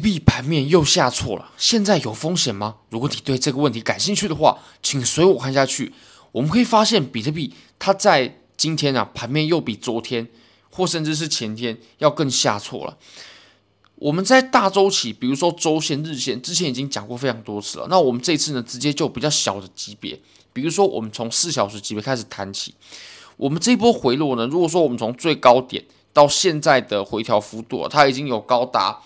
比特幣盤面又下挫了，現在有風險嗎？如果你對這個問題感興趣的話，請隨我看下去。我們可以發現，比特幣它在今天啊盤面又比昨天或甚至是前天要更下挫了。我們在大週期，比如說週線、日線，之前已經講過非常多次了。那我們這次呢，直接就比較小的級別，比如說我們從四小時級別開始談起。我們這一波回落呢，如果說我們從最高點到現在的回調幅度，它已經有高達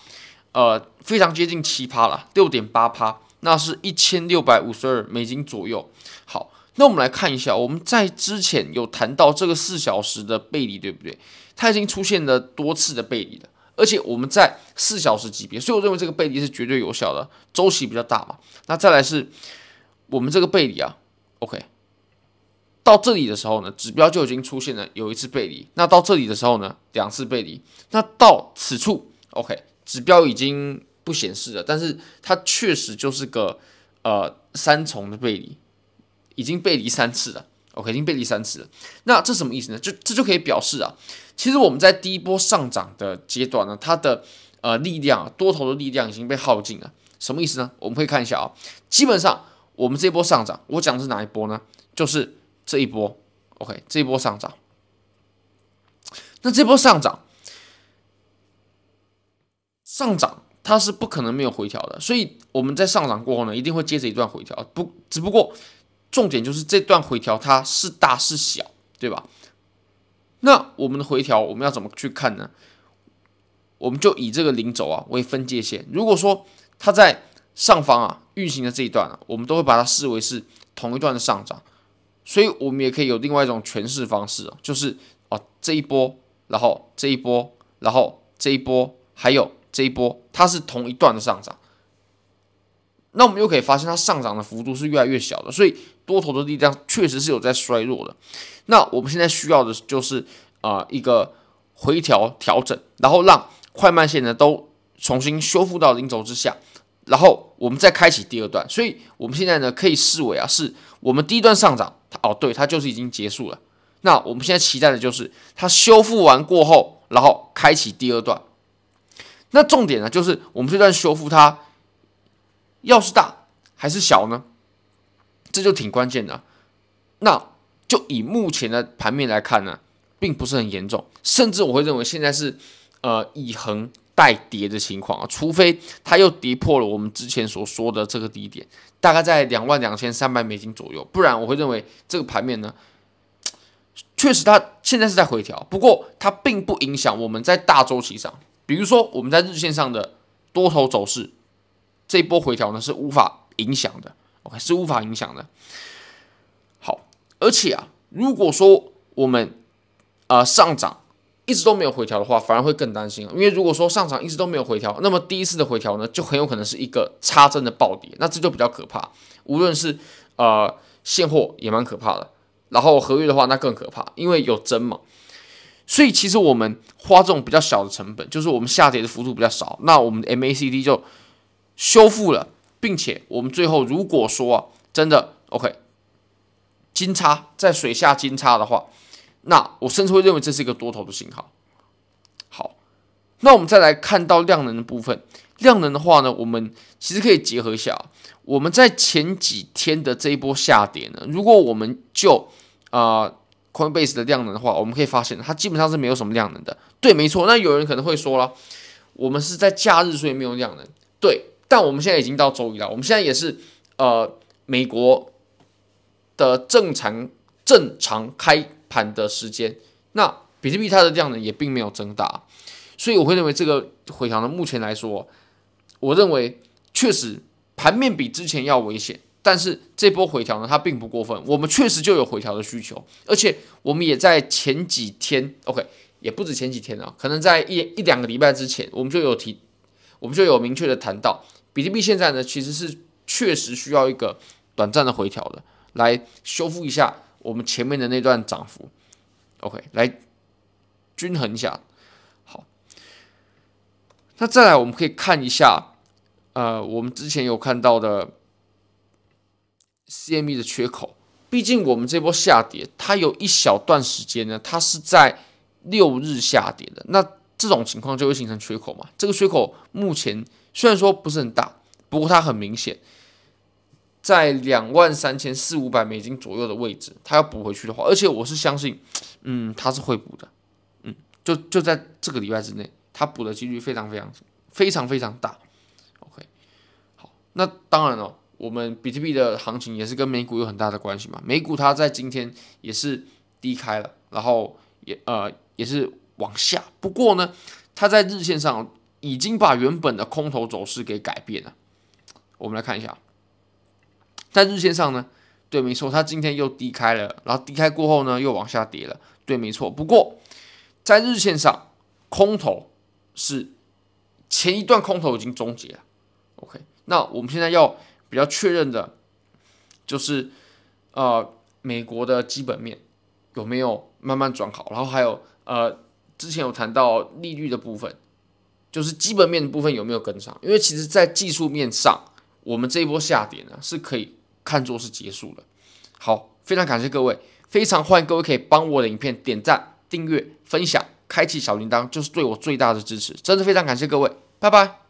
呃，非常接近七趴了，六點八趴，那是一千六百五十二美金左右。好，那我們來看一下，我們在之前有談到這個四小時的背離，對不對？它已經出現了多次的背離了，而且我們在四小時級別，所以我認為這個背離是絕對有效的，週期比較大嘛。那再來是我們這個背離啊，OK，到這裡的時候呢，指標就已經出現了有一次背離，那到這裡的時候呢，兩次背離，那到此處，OK。指標已經不顯示了，但是它確實就是個呃三重的背離，已經背離三次了。OK，已經背離三次了。那這什麼意思呢？就這就可以表示啊，其實我們在第一波上漲的階段呢，它的呃力量，多頭的力量已經被耗盡了。什麼意思呢？我們可以看一下啊、哦，基本上我們這一波上漲，我講的是哪一波呢？就是這一波。OK，這一波上漲。那這波上漲。上漲它是不可能沒有回調的，所以我們在上漲過後呢，一定會接着一段回調。不，只不過重點就是這段回調它是大是小，對吧？那我們的回調我們要怎麼去看呢？我們就以這個零軸啊為分界線。如果說它在上方啊運行的這一段啊，我們都會把它視為是同一段的上漲。所以，我們也可以有另外一種詮釋方式啊，就是哦、啊、這一波，然後這一波，然後這一波，還有。這一波它是同一段的上漲，那我們又可以發現它上漲的幅度是越來越小的，所以多頭的力量確實是有在衰弱的。那我們現在需要的就是啊、呃、一個回調調整，然後讓快慢線呢都重新修復到零軸之下，然後我們再開啟第二段。所以我們現在呢可以視為啊是我們第一段上漲，它哦對它就是已經結束了。那我們現在期待的就是它修復完過後，然後開啟第二段。那重點呢，就是我們這段修復它，要是大還是小呢？這就挺關鍵的。那就以目前的盤面來看呢，並不是很嚴重，甚至我會認為現在是呃以橫代跌的情況啊，除非它又跌破了我們之前所說的這個低點，大概在兩萬兩千三百美金左右，不然我會認為這個盤面呢，確實它現在是在回調，不過它並不影響我們在大周期上。比如說，我們在日線上的多頭走勢，這波回調呢是無法影響的，OK 是無法影響的。好，而且啊，如果說我們啊、呃、上漲一直都沒有回調的話，反而會更擔心，因為如果說上漲一直都沒有回調，那麼第一次的回調呢就很有可能是一個插針的暴跌，那這就比較可怕。無論是呃現貨也蠻可怕的，然後合約的話那更可怕，因為有針嘛。所以其實我們花這種比較小的成本，就是我們下跌的幅度比較少，那我們的 MACD 就修復了，並且我們最後如果說真的 OK 金叉，在水下金叉的話，那我甚至會認為，這是一個多頭的信號。好，那我們再來看到量能的部分，量能的話呢，我們其實可以結合一下，我們在前幾天的這一波下跌呢，如果我們就啊。呃 Coinbase 的量能的話，我們可以發現它基本上是沒有什麼量能的。對，沒錯。那有人可能會說了，我們是在假日所以沒有量能。對，但我們現在已經到周一了，我們現在也是呃美國的正常正常開盤的時間。那比特幣它的量能也並沒有增大，所以我會認為這個回調呢，目前來說，我認為確實盤面比之前要危險。但是這波回調呢，它並不過分。我們確實就有回調的需求，而且我們也在前幾天，OK，也不止前幾天啊，可能在一一兩個禮拜之前，我們就有提，我們就有明確的談到，比特幣現在呢，其實是確實需要一個短暫的回調的，來修復一下我們前面的那段漲幅，OK，來均衡一下。好，那再來我們可以看一下，呃，我們之前有看到的。CME 的缺口，畢竟我們這波下跌，它有一小段時間呢，它是在六日下跌的，那這種情況就會形成缺口嘛？這個缺口目前雖然說不是很大，不過它很明顯，在兩萬三千四五百美金左右的位置，它要補回去的話，而且我是相信，嗯，它是會補的，嗯，就就在這個禮拜之內，它補的幾率非常非常非常非常大。OK，好，那當然了哦。我們比特幣的行情也是跟美股有很大的關係嘛？美股它在今天也是低開了，然後也呃也是往下。不過呢，它在日線上已經把原本的空頭走勢給改變了。我們來看一下，在日線上呢，對，沒錯，它今天又低開了，然後低開過後呢又往下跌了，對，沒錯。不過在日線上，空頭是前一段空頭已經終結了。OK，那我們現在要。比較確認的，就是，呃，美國的基本面有沒有慢慢轉好，然後還有，呃，之前有談到利率的部分，就是基本面的部分有沒有跟上？因為其實，在技術面上，我們這一波下跌呢是可以看作是結束了。好，非常感謝各位，非常歡迎各位可以幫我的影片點讚、訂閱、分享、開啟小鈴鐺，就是對我最大的支持，真的非常感謝各位，拜拜。